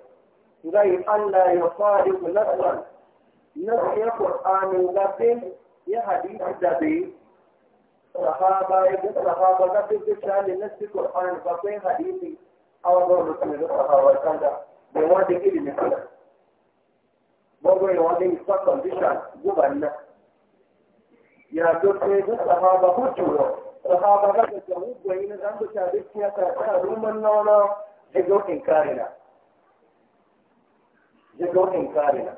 غير أن لا يصادق نصرا نصر قرآن لكن يا حديث دبي صحابة صحابة لكن تشعل نفس قرآن فقين حديثي أو دور من الصحابة كذا بواد إلي مثلا بواد يواد يستقل بشعل جبنا يا دكتور صحابة كتشوره صحابة لكن تجاوب وإن ذنب شعبك يا كتاب روما نونا حجو إنكارنا يقول إنكارنا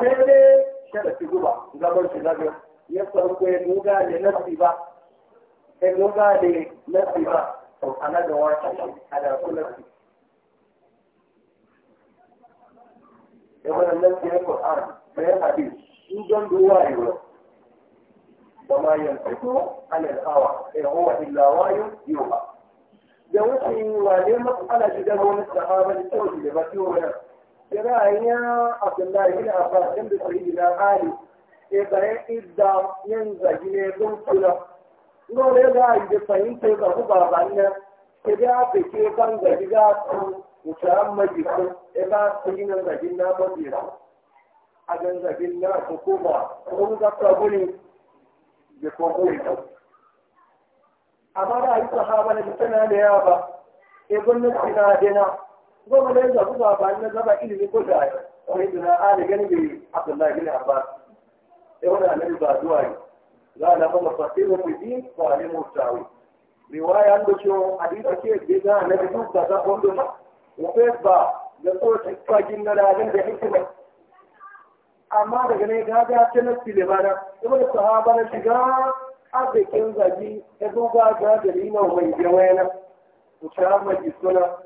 سيدي شبه في جبا قبل في ذلك يسأل كوي موغا لنصيبا موغا لنصيبا أنا دوار شاشي على كل نصيب يقول الناس في القرآن في الحديث يجن دوائي ولو وما ينفقه عن الهوى إن هو إلا وايو يوها دوشي وعليمة على جدال ومسلحة من التوجي لبكيو ويرسل Kirayen Abdullahi bin Abbas ɗin da sahihi na Ali, ke bayan idda yin zagi ne don kula. Dole za a yi da fahimta ga ku baban ke da aka ke kan zagi za su wuce an majisu, e ba su yi nan zagin na majisu. A gan zagin na su kuma, kun ga kabulin da kwakwai. Amma ba a yi sahaba na fitana da yawa ba, e gwamnati na dina goma da yanzu kuma ba na zaba ilimi ko da wani duna ali gani bi abdullahi bin abbas sai wani annabi ba zuwa yi za a lafa mafasirin mu din ko alimu tawi riwaya an doce hadisa ke bi za a duk ba za a wando ma wafes ba da tsoci fagin na ranar da hikima amma daga ne ga ga ta nasi da bana kuma da sahaba na shiga arzikin zagi ya duba ga gari mai jawaya na mu sha mai suna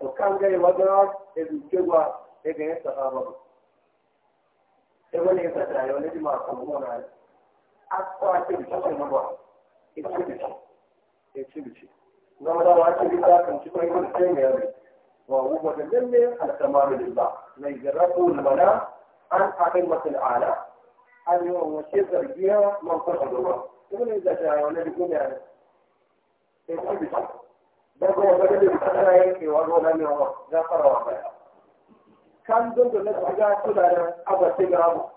وكان جاي وجرات الجوا إجا يستخابه إبن يفتح يولد ما أصبحون عليه أقوى شيء بشكل مرة يتشبش يتشبش نعم لو أتشبش لكن شكرا يقول سيم يا رب وهو مدلل على تمام لله ما يجربه المنام عن أقمة الأعلى أن يشير بها من قصد الله إبن إذا جاء يولد يقول يعني يتشبش don kuma gani da suka tana yankewa zuwa nan yawa za fara wa baya kan dundu na shiga suna da abace ga abu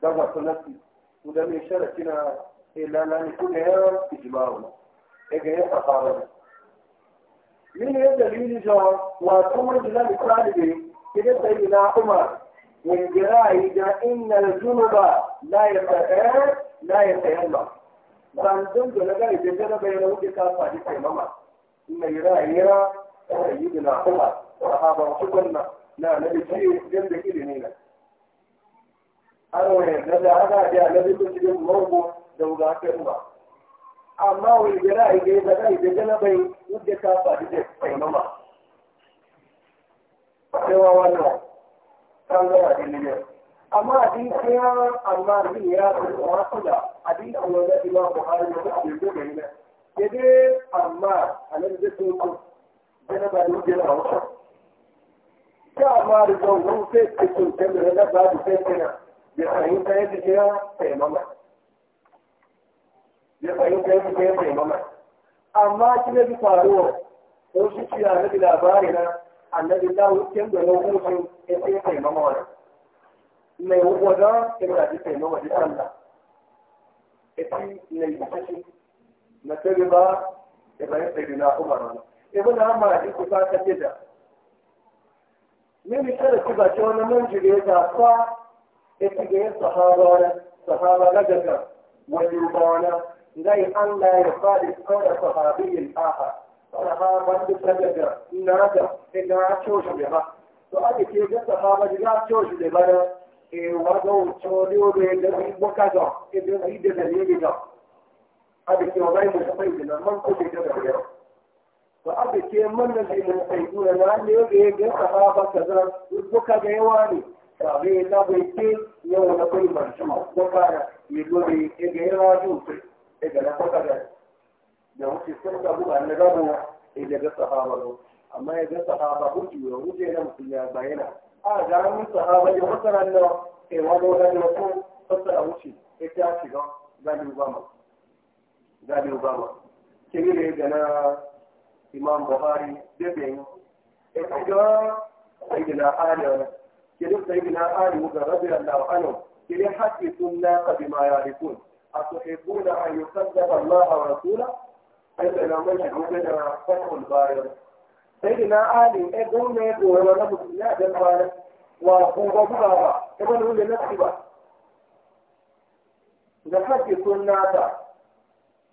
don wasu nasi su da mai sharafi na ilana eh, ne kuma ya ijimawa E, ga ya fasawa ne min ya dalili jawa wato majina da talibi idan sai na umar wangirayi da innal junuba la yata'a eh, la yatayamma san da na gari da jana bai rawu ka fadi kai mama mai rayuwa ta rayu da na kuma sahaban su kunna na nabi ce yadda ilimi na an na da ana da nabi su cikin morbo da wugatun ba amma wani gira a gai da kai da janabai wadda ta faɗi da faimama cewa wannan kan zama da miliyan amma abin kiyar amma abin ya fi wasu da abin da wanda imam buhari ya fi abin da ya yadda amma a nan zai ku jana ba da wujena a amma da zaune sai ta kyauta da rana ba da sai kana ya ya amma shi ne bi faruwa ko shi ci labari na annabi wucin da na ya sai mai wuwa da ya da na tare ba ya bayan tsari na umar ibn amma ya kusa ta gida mimi kada ki ba ce wani manjire da fa ita ga yin sahaba na sahaba na daga wani rubana zai an la ya fadi kawai sahabiyin aha sahaban da ta daga na da ina a coci da ba to ake ke ga sahaba da ya coci da ba na e wazo cori da ya da ibo kaza idan idan da ne da abiki wa bai mun kai da man ko da da ya to abiki man nan da mun kai da na ne ga ga sahaba ka zan buka ga yawa ne ta ne da na kai man shi ma ko ka ya ne do ne ke ga yawa ju sai na ko ga da wuce sai ka buka ne ga ba e ga sahaba lo ya ga sahaba ku ji ya wuce na mutum ya bayyana a ga sahaba ya fasara nan e wa do da ne ko fasara wuce e ta shiga ga ni ba gadi obama kemire gana imam buhari bebe e kaga sayyidina ali wala kede sayyidina ali muga radiyallahu anhu kede hadithun naqa bima yarifun أتحبون أن يكذب الله ورسوله أيضا من يحبون فتح البارد سيدنا علي أدون يدون ولا مسلم جنبان وأخوه بغابة كما نقول لنفسي بقى نحكي سنة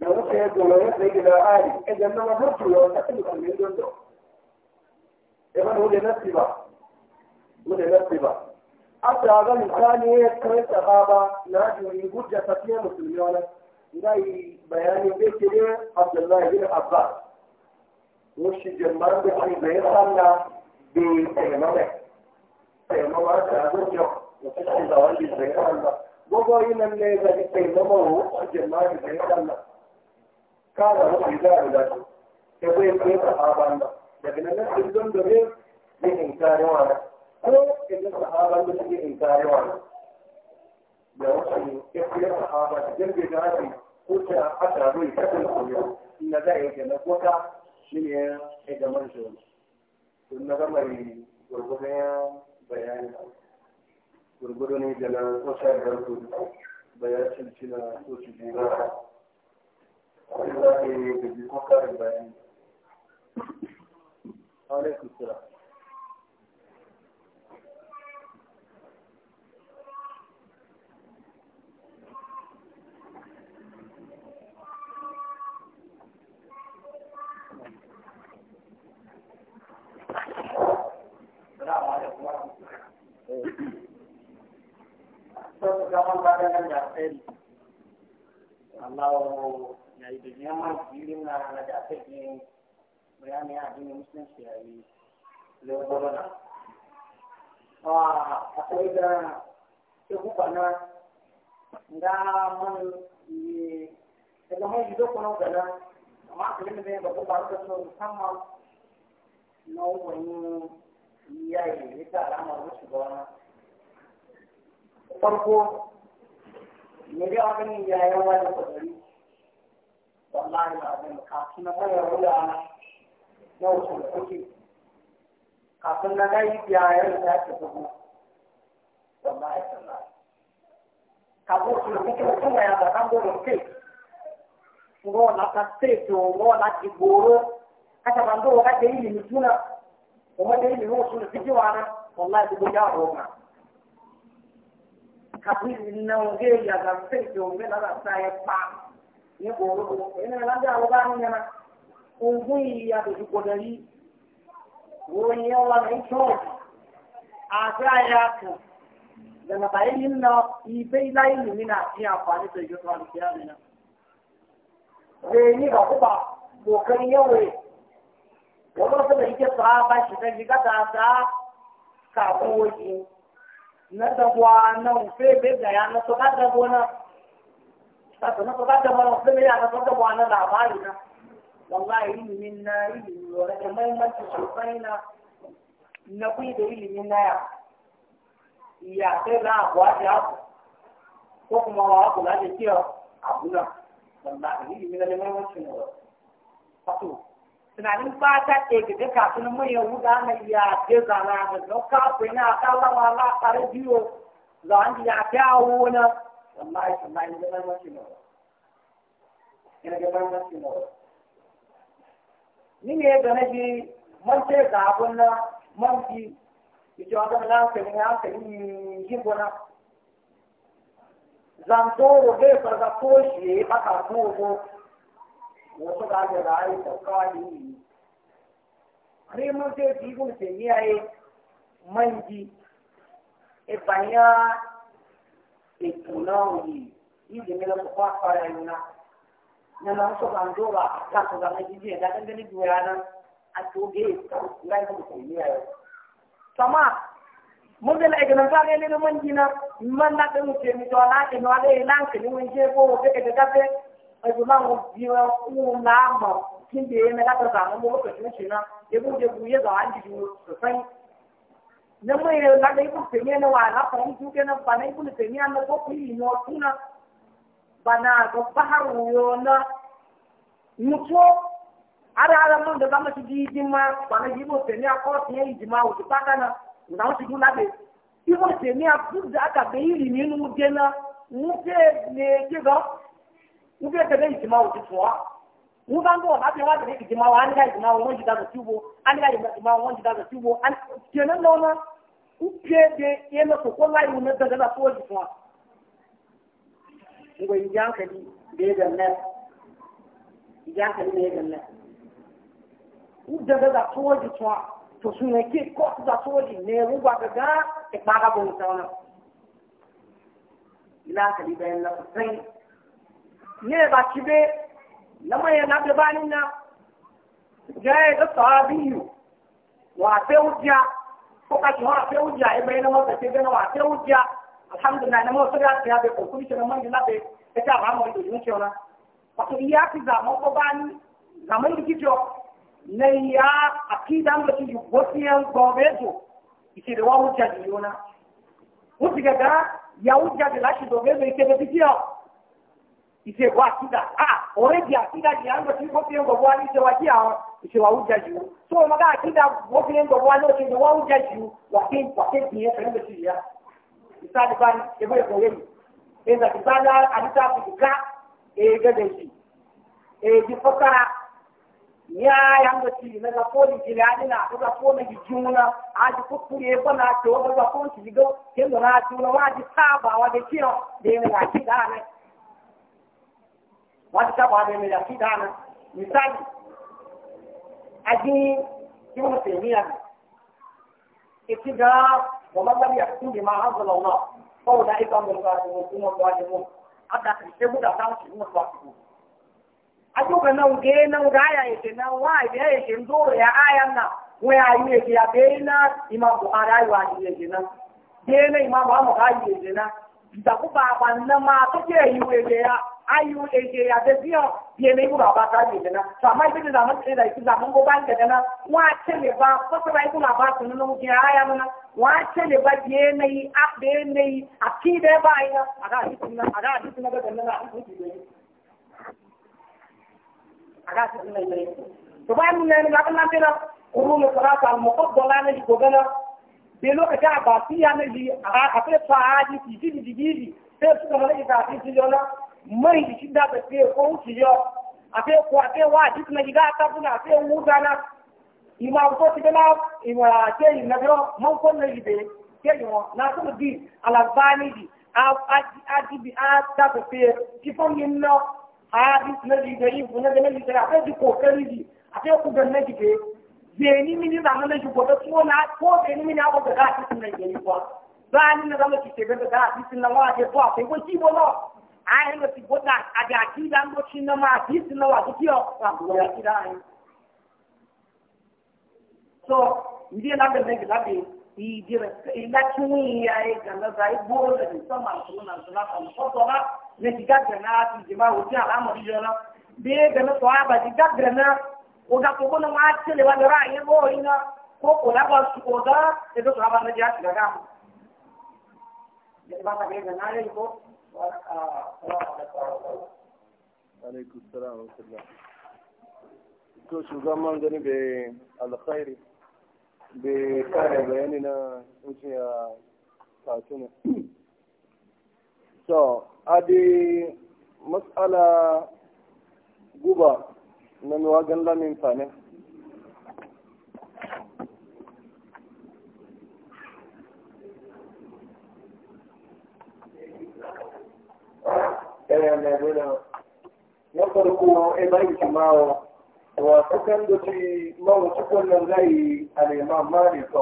لو يحيى لو يحيى إلى آلي إذا ما نظرت له تقلق من جنده إذا هو لنفسي هو لنفسي بقى أصل هذا الإنسان يكرر صحابة ناجي يقول جسدية مسلمية ناي بيان بيتي عبد الله بن عباس وش جمر بحي بيصلنا بتيمم تيمم هذا جو وتشي زوال بيصلنا وقال إن اللي بيتيممه جمر بيصلنا kada mu idan da su ya bai kai sahaban ba, daga nan sun don da bai yin inkari na, ko idan sahaban da suke inkari na? da wasu ya kai sahaba da jirgin gashi ko ta aka bai kasance koyo inda za a yi da kota shi ne ya gaman shi wani tun na gama yi ya bayani gurgurin da na kusa da bayan cincina ko su jira Wani za ka yi gaji ko karin bayani. ನಮ್ಮ ಇಲ್ಲಿನ ಜಾತ್ರೆಗೆ ಬಿರಿಯಾನಿ ಅದು ಮುಸ್ಲಿಮ್ಸ್ಗೆ ಆಗಲಿ ಬರೋಣ ಅಥವಾ ಈಗ ತೆಗುಪಣ nga man daga mai gido kuna gana amma kalin da ya babu ba ka so musamman na wani yayi ne ta alama wasu ga wani farko ne dai wani yayin wani kwadari wallahi ba zai kafin na bayar wula yau sun kuke kafin na gai biyayar da ta dubu wallahi wallahi kafin sun kuke ya zaɓa gudun kai ngo na ka ngo na kiboro kata bando wa kata ili mituna wa kata ili ngo sunu fiji wana wallahi kubo ya roma kafin na nge ya zaɓa streto ngo na ya pa ní kòòrò kòòrò ẹni náà lábẹ́ àwọn bá ní yẹn ogún yìí àtòjúkọ̀dọ̀ yìí wo ni yẹn wà ní chọ́ọ̀tù àti àyà na ibe na fi amfani da yi wata alifiya ne na zai ni ba kuma kokarin yawai wani wasu da yake tsara ba shi ta ka ta ta kafin wajen na dagwa na ufe bai ga ya na su ka dagwa Sasa unapokaddama waseme ya anatoka bwana na habari na wallahi ilimin na ilimi wa da muhimmanci sosai na na kuyi da ilimin na ya ya sai na kuwa ya ko kuma wa ku la da kiyo abuna wallahi ilimin na, da muhimmanci ne wato tunanin ba fata ke gida kafin mai yahuda na ya ke zana da kafin na kallon wala tare biyo za a ya kyawo na wallahi wallahi ga ban wasu ne ina ga ban wasu ne ni ne ga na ji man ce ga abun na man ji ki wa ga na ka ni ha ka ni ji bona zantoro be farga ko shi ba ka ko ko wasu ga ga rai ta kawai ni mun ce ji gun ce ni ai man ji e banya إقناعه يجب أن تقع فرعينا نما أصبح عن دورة لا تضع نجيزية ya تنجل جوانا أتوجيه لا يمكن سما mudala na de mutte na man o biwa u na ma kin de na ka ta sa mo ko ke ni na e bu je bu ye na mai na da ibu na wa na fahim tu ke na ba na ibu teme na ko ku yi no tuna na ga yo na mutu ara ara mun da zama shi jijin ma ba na ibu a ko tiye yi jima wuce na wuce be ibu a duk da aka bai yi na mu ke ne ke ga mu ke mugambo wapi wapi ni kijima wa anga kijima wa mmoja dazo tubo anga kijima wa mmoja dazo tubo an tena noma upede yema ko lai ji ngo injan da da u ji to ke e lama ya na gabanin na ya ga sahabiyu wa sai hujja e ko e ka ki hora sai hujja e bayyana masa sai gana wa sai na motsa ya ta bai kokuri kenan man gina bai ta ba mu da yin cewa wato iya ki zaman bani zaman da na ya akidan da kijo ya ìṣe wa sídà ah ọ̀rẹ́dì àkídà yìí àwọn tí wọ́n fi ń gbọ̀gbọ́ ní ìṣe wa kí àwọn ìṣe wa wújà jù ú tó o máa àkídà wọ́n fi ń gbọ̀gbọ́ ní ìṣe wa wújà jù ú wà kí wà kí ìyẹn fẹ́rẹ́ ya yanga ci na ga ko ni jilani na ko ga ko na juna a ji ko ba e, na to ba ko ci ga wa ji ta ba wa de ki da ne ga wọ́n ti sábà ní ìrìnà sí dáná nìsáyì ajé tí wọ́n sì ní àná ètí gan wọ́n bá gbàgbé àtúndì máa hàn sọ̀rọ̀ náà fọwọ́ dá ikọ̀ ọmọ ìgbà àtúwò tí wọ́n bọ́ ajé mú àgbà kì na wa ya yake ndoro ya ayan nan e e e ya ya bayina na Bukhari ayi wa yake ma ayu eje ya da biya biye ne gura ba ta ne dana to amma idan da zaman da ki zaman go ban da dana wa ce ne ba ko ta bai gura ba sun nan ki aya mana wa ce ne ba biye ne a be ne a ki da ba ina aga shi na aga shi na ga dana na ku ji ne aga shi na ne to ba mun ne ga kan tana kurun salata al muqaddala ne ko gana bi lokaci a ba siya ne ji a ka fa haji ti ji ji ji sai suka mara ita ti ji jona mari da shidda da fiye ko wuce yau a fiye ko a fiye wa duk na gida ta kuna a fiye wuta na ima ko ti gana ima ke yi na biro man ko na yi be ke yi won na kuma di alabani di a a di bi a ta ko fiye ki fon yin no a di na yi da yi kuna da na yi da a fiye ko kari di a fiye ku ganna ki be zeni mini da na shi ko da ko na ko zeni mini a ko da ka ti na yi ko ba ni na zama ki te ga da ti na wa je ko a ko ki bo no anyị wesi aga adị akida mgbochi nne m isi ọkpa ya kiri anyị so ndị na gị nwunye ya ga ụlọ dị nsọ ma nsọ na nsọ n'afọ nsọ sọla n'ejiga gana ala amụrụ ihe ọla bee gana sọ aba jiga gana ụga koko na nwa anyị na na ahụ. Ebe a alaikum salam wa rahmatullah shugaban gani bai alkhairi bai kare bayani na zuciya katuna so adi matsala guba na nuwa gan lamin fanin ya laluna na farko ai ba ki mawa wa sakan da ci mawa cikin nan zai al-imam malik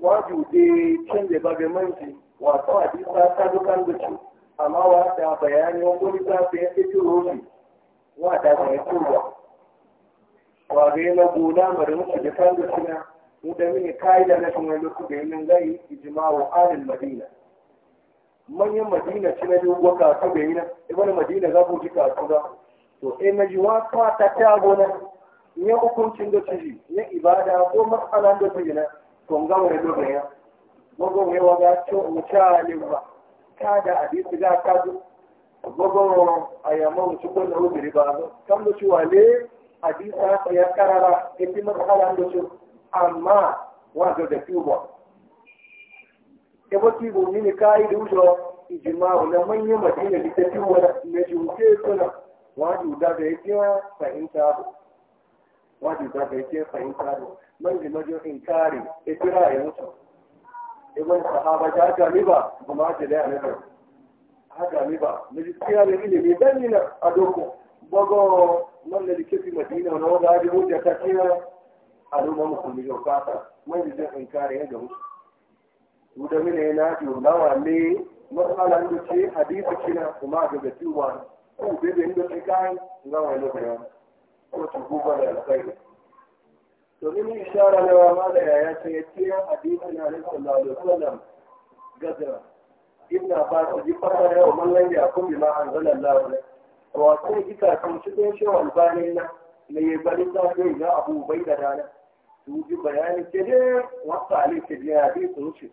wa jude cin da babe manji wa ta hadisa ta dukan da ci amma wa ta bayani wani ta fi yake roshi wa ta ta yake ruwa wa ga yana gona marin su da kan da cina mu da mini kai da na kuma lokacin da yin zai ijma'u alil madina manyan madina ci na biyu waka ta yi na ibana madina za ku ji ka tuga to eh na ji wata ta ta gona ne hukuncin da ciji ne ibada ko matsala da ciji na to ga wani da bayan mago ne wa ga to mu ba ka da hadisi da ka zu mago ayama mu ci ko na rubi ba kan da ci wale hadisa ya karara ya bi matsala da amma wa da ya ba ki gomi ne kayi da wuce ijima'u na manya madina da tafi wani na juke suna wajen da da yake fahimta ba wajen da da yake fahimta ba man ji majo in kare ya kira ya mutu ibn sahaba ta gami ba kuma ta da yana da ha gami ba na jiskiya da ilimi dan ni na adoko bago man da dike fi madina na wanda ya ji ta kira a rumar musulmi yau fata man ji in kare ya ga mutu da mine na julawa ne matsalan da ce hadisi kina kuma ga gatiwa ko bai da inda sai kai ga wani da ko ci guba da alkhairi to ni ishara ne wa mala ya ya ce ce hadisi na nabi sallallahu alaihi wasallam gaza ibn abbas ji fara da mallan ya kun bi ma anzala Allah wa ko kika kan shi ko shi albani na ne ya bari ta ga abu bai da dana su ji bayani ke ne wasa alai ke ji hadisi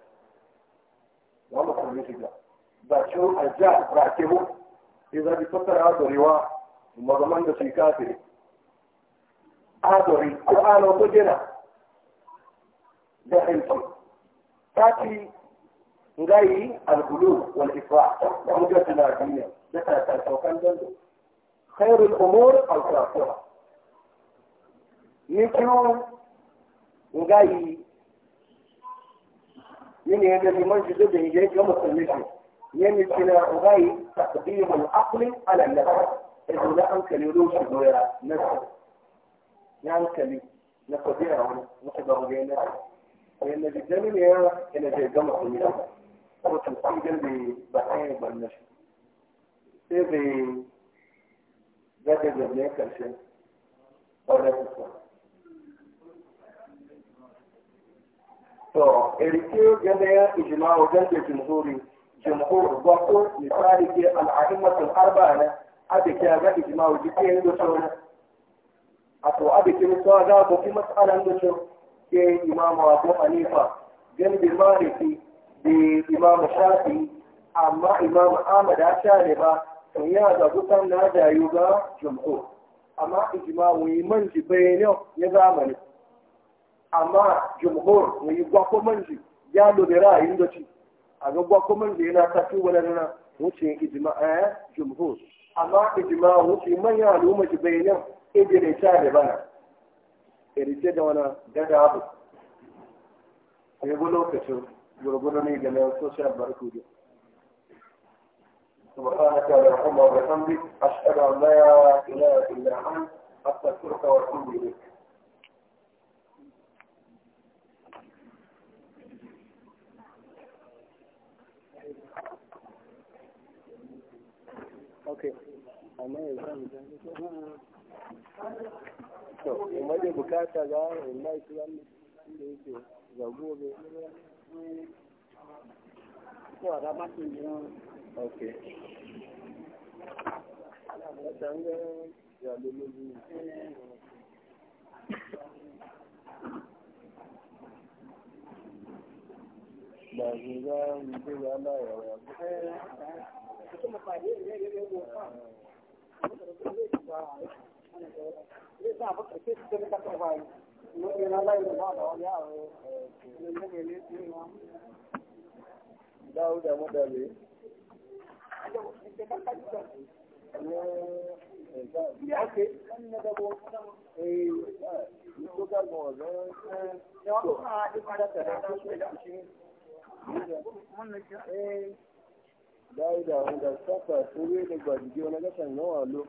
wala kuonyesha bacho aja brakehu iza bipata adorewa mazaman da shi kafiri adori ko ana ko jira da ilmi taki ngai al-ghulu wal ifrat da mujadala diniya da ta saukan dando khairul umur al-qasira ni من هذا لمن جزء هجاية يوم الثلاثة من التناغي تقديم العقل على النفس إذا لا أنكل يلوش الدوية نفسه ينكل نقدير هنا نقدر جينا لأن الجنين هي إلى جاي جمع التنجم وتنقل جنبي بحيب والنشر إذا ذات الجنين كالشيء ولا تسمع to irke ganaya ijma wajen da jumhuri jumhur ba ko misali ke al'adimmatul arba na abe ke ga ijma wajen ke yin da sauran a to ke mutuwa ga ba fi matsalan da su ke imamu abu hanifa gan bi maliki da imamu shafi amma imamu ahmad a sha ne ba to ya ga gutan na jayu ga jumhur amma ijma wai man ji bayanin ya zamani amma jumhur ne yi gwakwa manji ya lura a da ci a ga gwakwa manji yana tafi wani nuna wuce ijima a eh, jumhur amma ijima wuce manya al'umma ji bayanan ijire ta da bana irice da wani gada abu ne bu lokacin gurguru ne ga na social barkudu سبحانك اللهم وبحمدك لا Okay. To, kuma da bukata ga Allah shi wannan da yake zago ne. To, da ma shi ne. Okay. Dan ga ya lulu. Ba zuwa mu ga Allah ya Dáúdà mọ́dà rèé. Ọ̀kẹ́ ní ọdọ́gbọ́. Èé, ìjọ́ gbàgbọ́ ọ̀dọ́ ẹ̀ ẹ̀ ọ́ dai da wanda saka tuwe da gwajiyo na gasan nawa lo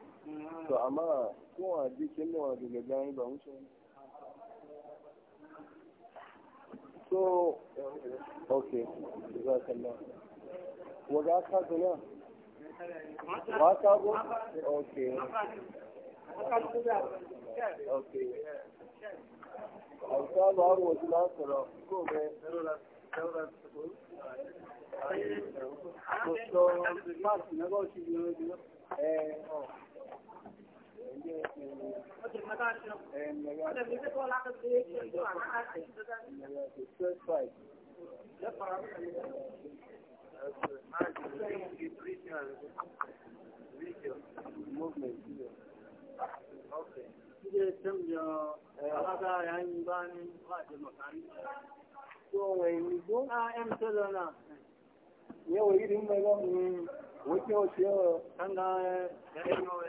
to amma kowa jikin nawa daga gani ba wuce so ok za ka ka ba ka go ko Movement. Okay. Ilé ìtẹ́mìyàn alágbára yìí bá ní wáàdé mọ̀kárí. Tó ẹ̀yìn igbó? Ah, ẹ̀mí tó lọ náà. 因为我以前那个嗯，我就我叫刚他给我。